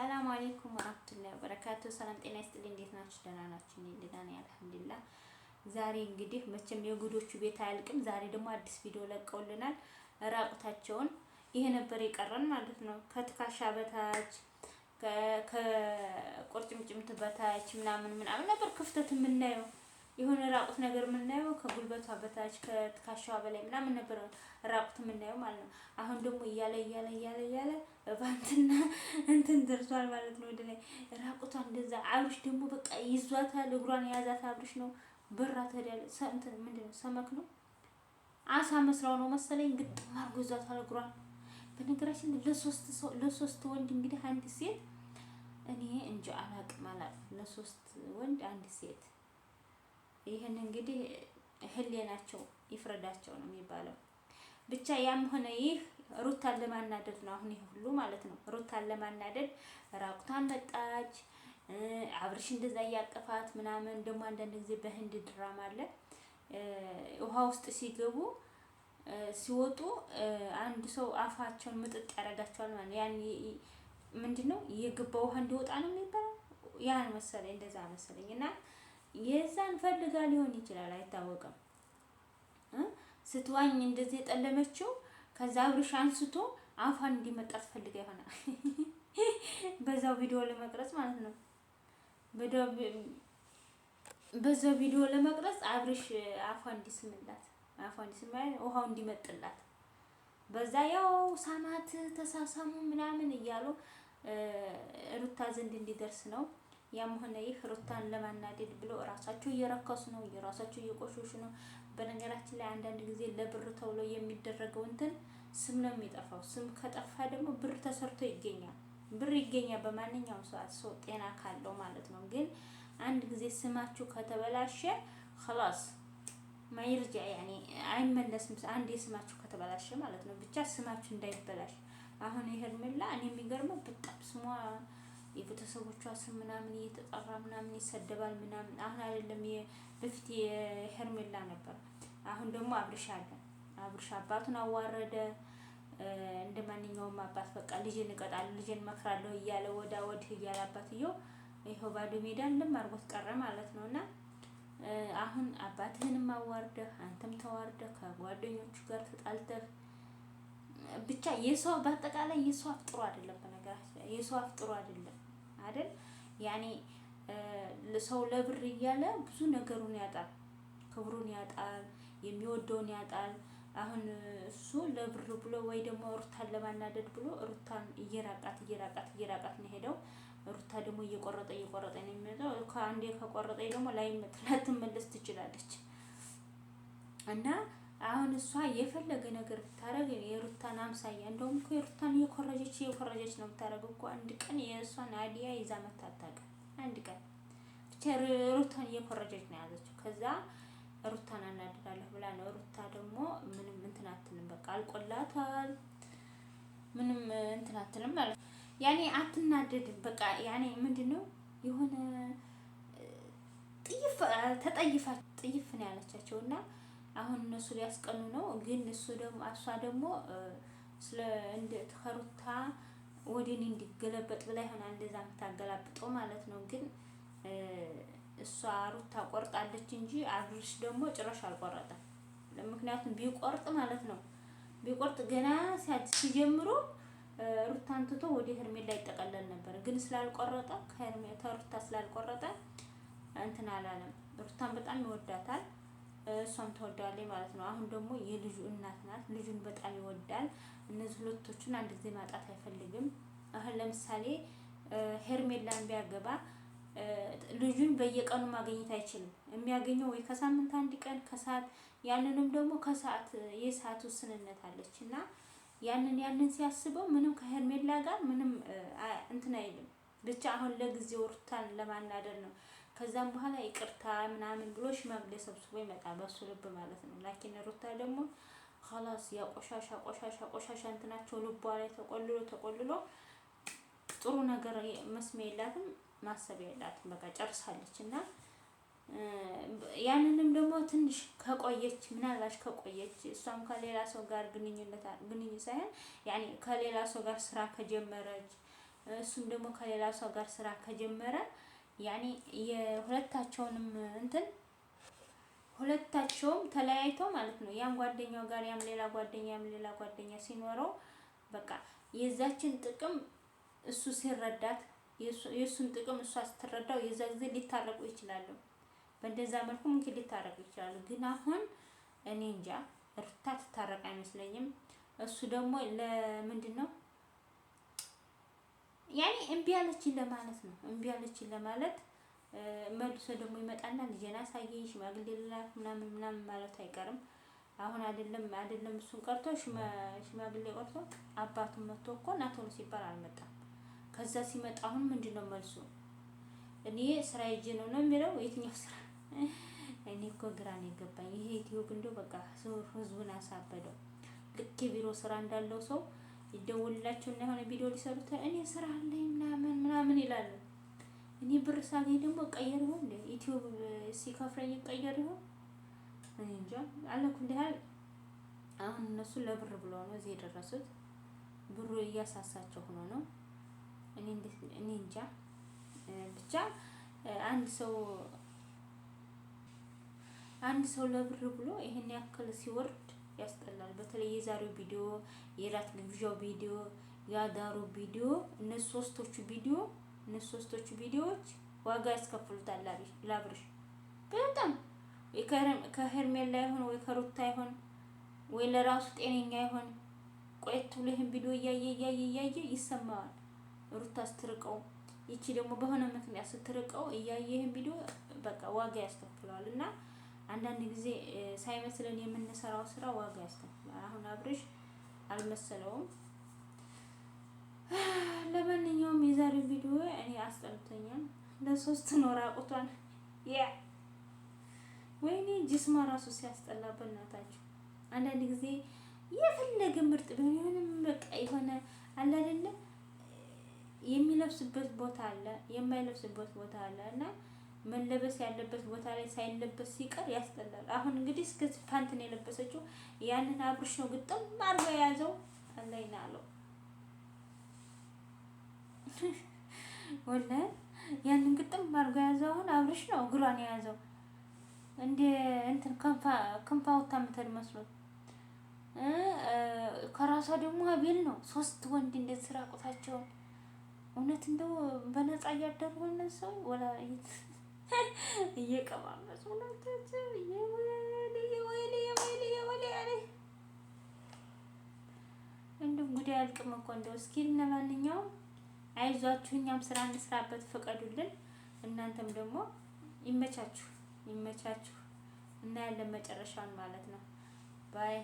ሰላም አለይኩም ወራህመቱላሂ ወበረካቱ። ሰላም ጤና ይስጥልኝ። እንዴት ናችሁ? ደህና ናችሁ? እኔ ደህና ነኝ አልሐምዱሊላህ። ዛሬ እንግዲህ መቼም የጉዶቹ ቤት አያልቅም። ዛሬ ደግሞ አዲስ ቪዲዮ ለቀውልናል። ራቁታቸውን ይሄ ነበር የቀረን ማለት ነው። ከትካሻ በታች ከቁርጭምጭምት በታች ምናምን ምናምን ነበር ክፍተት የምናየው የሆነ ራቁት ነገር የምናየው ከጉልበቷ በታች ከትከሻዋ በላይ ምናምን ነበር ራቁት የምናየው ማለት ነው። አሁን ደግሞ እያለ እያለ እያለ እያለ ባንትና እንትን ደርሷል ማለት ነው። ወደ ላይ ራቁቷ እንደዛ አብርሽ ደግሞ በቃ ይዟታል። እግሯን የያዛት አብርሽ ነው። ብራ ተዳለ እንትን ምንድን ነው ሰመክ ነው አሳ መስራው ነው መሰለኝ። ግጥም አድርጎ ይዟታል እግሯን። በነገራችን ለሶስት ሰው ለሶስት ወንድ እንግዲህ አንድ ሴት እኔ እንጂ አላቅም አላቅም ለሶስት ወንድ አንድ ሴት ይህን እንግዲህ ህሌናቸው ይፍረዳቸው ነው የሚባለው። ብቻ ያም ሆነ ይህ ሩታን ለማናደድ ነው አሁን ይህ ሁሉ ማለት ነው። ሩታን ለማናደድ ራቁቷን መጣች። አብርሽ እንደዛ እያቀፋት ምናምን። ደግሞ አንዳንድ ጊዜ በህንድ ድራማ አለ ውሃ ውስጥ ሲገቡ ሲወጡ አንድ ሰው አፋቸውን ምጥጥ ያደርጋቸዋል ማለት ነው። ያን ምንድን ነው የገባ ውሃ እንዲወጣ ነው የሚባለው። ያን መሰለኝ እንደዛ መሰለኝ እና የዛን ፈልጋ ሊሆን ይችላል፣ አይታወቅም። ስትዋኝ እንደዚህ የጠለመችው ከዛ አብርሽ አንስቶ አፏን እንዲመጣት ትፈልጋ ይሆናል። በዛው ቪዲዮ ለመቅረጽ ማለት ነው። በዛው ቪዲዮ ለመቅረጽ አብርሽ አፏን እንዲስምላት፣ አፏን እንዲስምላት፣ ውሃው እንዲመጥላት በዛ ያው ሳማት ተሳሳሙ ምናምን እያሉ ሩታ ዘንድ እንዲደርስ ነው። ያም ሆነ ይህ ሩታን ለማናደድ ብሎ እራሳቸው እየረከሱ ነው፣ እየራሳቸው እየቆሾሹ ነው። በነገራችን ላይ አንዳንድ ጊዜ ለብር ተብሎ የሚደረገው እንትን ስም ነው የሚጠፋው። ስም ከጠፋ ደግሞ ብር ተሰርቶ ይገኛል። ብር ይገኛል በማንኛውም ሰዓት ሰው ጤና ካለው ማለት ነው። ግን አንድ ጊዜ ስማችሁ ከተበላሸ ኸላስ ማይርጃ ያኔ አይመለስም። አንድ ስማችሁ ከተበላሸ ማለት ነው። ብቻ ስማችሁ እንዳይበላሽ አሁን ይሄ እርምላ እኔ የሚገርመው በጣም ስሟ የቤተሰቦቿ ስም ምናምን እየተጠራ ምናምን ይሰደባል ምናምን። አሁን አይደለም በፊት የሄርሜላ ነበር። አሁን ደግሞ አብርሻ አለ። አብርሻ አባቱን አዋረደ። እንደ ማንኛውም አባት በቃ ልጅን እቀጣለሁ፣ ልጅን መክራለሁ እያለ ወዳ ወድህ እያለ አባትየው ይኸው ባዶ ሜዳ እንደም አድርጎት ቀረ ማለት ነው እና አሁን አባትህንም አዋርደህ አንተም ተዋርደህ ከጓደኞቹ ጋር ተጣልተህ ብቻ የሰው በአጠቃላይ የሰው አፍ ጥሩ አይደለም። በነገራችን የሰው አፍጥሮ አይደለም። አይደል? ያኔ ሰው ለብር እያለ ብዙ ነገሩን ያጣል፣ ክብሩን ያጣል፣ የሚወደውን ያጣል። አሁን እሱ ለብር ብሎ ወይ ደግሞ ሩታን ለማናደድ ብሎ ሩታን እየራቃት እየራቃት እየራቃት ነው ሄደው። ሩታ ደግሞ እየቆረጠ እየቆረጠ ነው የሚመጣው። ከአንዴ ከቆረጠ ደግሞ ላይ ትላት መለስ ትችላለች እና አሁን እሷ የፈለገ ነገር ብታደረግ የሩታን አምሳያ እንደውም እኮ የሩታን እየኮረጀች እየኮረጀች ነው ብታደረግ እኮ አንድ ቀን የእሷን አዲያ ይዛ መታታቀ አንድ ቀን ብቻ ሩታን እየኮረጀች ነው ያዘችው። ከዛ ሩታን አናድዳለሁ ብላ ነው። ሩታ ደግሞ ምንም እንትን አትልም፣ በቃ አልቆላታል። ምንም እንትን አትልም ማለት ያኔ አትናደድም። በቃ ያኔ ምንድን ነው የሆነ ጥይፍ ተጠይፋ ጥይፍ ነው ያለቻቸው እና አሁን እነሱ ሊያስቀኑ ነው። ግን እሱ ደግሞ እሷ ደግሞ ስለ እንደ ተከሩታ ወዲን እንዲገለበጥ ብላ ይሆናል እንደዛ የምታገላብጠው ማለት ነው። ግን እሷ ሩታ ቆርጣለች እንጂ አብርሽ ደግሞ ጭራሽ አልቆረጠም። ምክንያቱም ቢቆርጥ ማለት ነው ቢቆርጥ ገና ሲጀምሩ ሩታን ትቶ ወደ ሄርሜላ ይጠቀለል ነበር። ግን ስላልቆረጠ ከሩታ ስላልቆረጠ እንትን አላለም። ሩታን በጣም ይወዳታል። እሷም ተወደዋለች ማለት ነው። አሁን ደግሞ የልጁ እናት ናት። ልጁን በጣም ይወዳል። እነዚህ ሁለቶቹን አንድ ጊዜ ማጣት አይፈልግም። አሁን ለምሳሌ ሄርሜላን ቢያገባ ልጁን በየቀኑ ማግኘት አይችልም። የሚያገኘው ወይ ከሳምንት አንድ ቀን ከሰዓት ያንንም ደግሞ ከሰዓት የሰዓት ውስንነት አለች እና ያንን ያንን ሲያስበው ምንም ከሄርሜላ ጋር ምንም እንትን አይልም። ብቻ አሁን ለጊዜው ሩታን ለማናደር ነው። ከዛም በኋላ ይቅርታ ምናምን ብሎ ሽማግሌ ሰብስቦ ይመጣል። በሱ ልብ ማለት ነው። ላኪን ሩታ ደግሞ ኸላስ ያ ቆሻሻ ቆሻሻ ቆሻሻ እንትናቸው ልቧ ላይ ተቆልሎ ተቆልሎ ጥሩ ነገር መስሚያ የላትም ማሰቢያ የላትም። በቃ ጨርሳለች እና ያንንም ደግሞ ትንሽ ከቆየች ምናልባች ከቆየች እሷም ከሌላ ሰው ጋር ግንኙነት ግንኙ ሳይሆን ያኔ ከሌላ ሰው ጋር ስራ ከጀመረች እሱም ደግሞ ከሌላ ሰው ጋር ስራ ከጀመረ ያኔ የሁለታቸውንም እንትን ሁለታቸውም ተለያይተው ማለት ነው። ያም ጓደኛው ጋር ያም ሌላ ጓደኛ ያም ሌላ ጓደኛ ሲኖረው በቃ የዛችን ጥቅም እሱ ሲረዳት የእሱን ጥቅም እሷ ስትረዳው የዛ ጊዜ ሊታረቁ ይችላሉ። በእንደዛ መልኩ ምንክል ሊታረቁ ይችላሉ። ግን አሁን እኔ እንጃ እርታ ትታረቅ አይመስለኝም። እሱ ደግሞ ለምንድን ነው ያኔ እምቢ አለችኝ ለማለት ነው። እምቢ አለችኝ ለማለት መልሶ ደግሞ ይመጣና ልጄን አሳየኝ ሽማግሌ ልላክ ምናምን ምናምን ማለት አይቀርም። አሁን አይደለም አይደለም እሱን ቀርቶ ሽማግሌ ቀርቶ አባቱን መጥቶ እኮ ናቶሎ ሲባል አልመጣም። ከዛ ሲመጣ አሁን ምንድን ነው እኔ ስራ ይዤ ነው ነው የሚለው የትኛው ስራ? እኔ እኮ ግራ ነው የገባኝ። ይሄ ኢትዮ ግን እንደው በቃ ህዝቡን አሳበደው። ልክ የቢሮ ስራ እንዳለው ሰው ይደውልላቸው እና የሆነ ቪዲዮ ሊሰሩት እኔ ስራ አለኝ ምናምን ምናምን ይላሉ። እኔ ብር ሳገኝ ደግሞ እቀየር ይሆን እንደ ዩቲዩብ ሲከፍረኝ እቀየር ይሆን እኔ እንጃ አለኩ። እንዲህ ያህል አሁን እነሱ ለብር ብሎ ነው እዚህ የደረሱት። ብሩ እያሳሳቸው ሆኖ ነው። እኔ እኔ እንጃ ብቻ አንድ ሰው አንድ ሰው ለብር ብሎ ይሄን ያክል ሲወርድ ያስጠላል። በተለይ የዛሬው ቪዲዮ፣ የራት ግብዣው ቪዲዮ፣ የአዳሩ ቪዲዮ እነሱ ሶስቶቹ ቪዲዮ እነሱ ሶስቶቹ ቪዲዮዎች ዋጋ ያስከፍሉታል። ላብርሽ በጣም ከሄርሜላ ይሆን ወይ ከሩታ ይሆን ወይ ለራሱ ጤነኛ ይሆን? ቆየት ብሎ ይህን ቪዲዮ እያየ እያየ እያየ ይሰማዋል። ሩታ ስትርቀው፣ ይቺ ደግሞ በሆነ ምክንያት ስትርቀው እያየ ይህን ቪዲዮ በቃ ዋጋ ያስከፍለዋል እና አንዳንድ ጊዜ ሳይመስለን የምንሰራው ስራ ዋጋ ያስከፍላል። አሁን አብርሽ አልመሰለውም። ለማንኛውም የዛሬው ቪዲዮ እኔ አስጠልቶኛል። ለሶስት ነው ራቁቷን ያ ወይኔ ጅስማ ራሱ ሲያስጠላ በእናታችሁ። አንዳንድ ጊዜ የፈለገ ምርጥ ቢሆንም በቃ የሆነ አለ አይደለ የሚለብስበት ቦታ አለ፣ የማይለብስበት ቦታ አለ እና መለበስ ያለበት ቦታ ላይ ሳይለበስ ሲቀር ያስጠላል። አሁን እንግዲህ እስከ ፓንት ነው የለበሰችው። ያንን አብርሽ ነው ግጥም አድርጎ የያዘው አላይና አለው ወለ ያንን ግጥም አድርጎ የያዘው አሁን አብርሽ ነው እግሯን የያዘው እንደ እንትን ክንፋ ክንፋ ወታ ምተል መስሎት ከራሷ ደግሞ አቤል ነው። ሶስት ወንድ ስራ ራቁታቸውን እውነት እንደው በነፃ እያደረጉ ነው ሰው ወላ እየቀማመሱ ነው። እንደው ጉዳይ አልቅም እኮ እንደው እስኪ ለማንኛውም አይዟችሁ፣ እኛም ስራ እንስራበት፣ ፍቀዱልን። እናንተም ደግሞ ይመቻችሁ፣ ይመቻችሁ። እናያለን መጨረሻን ማለት ነው ባይ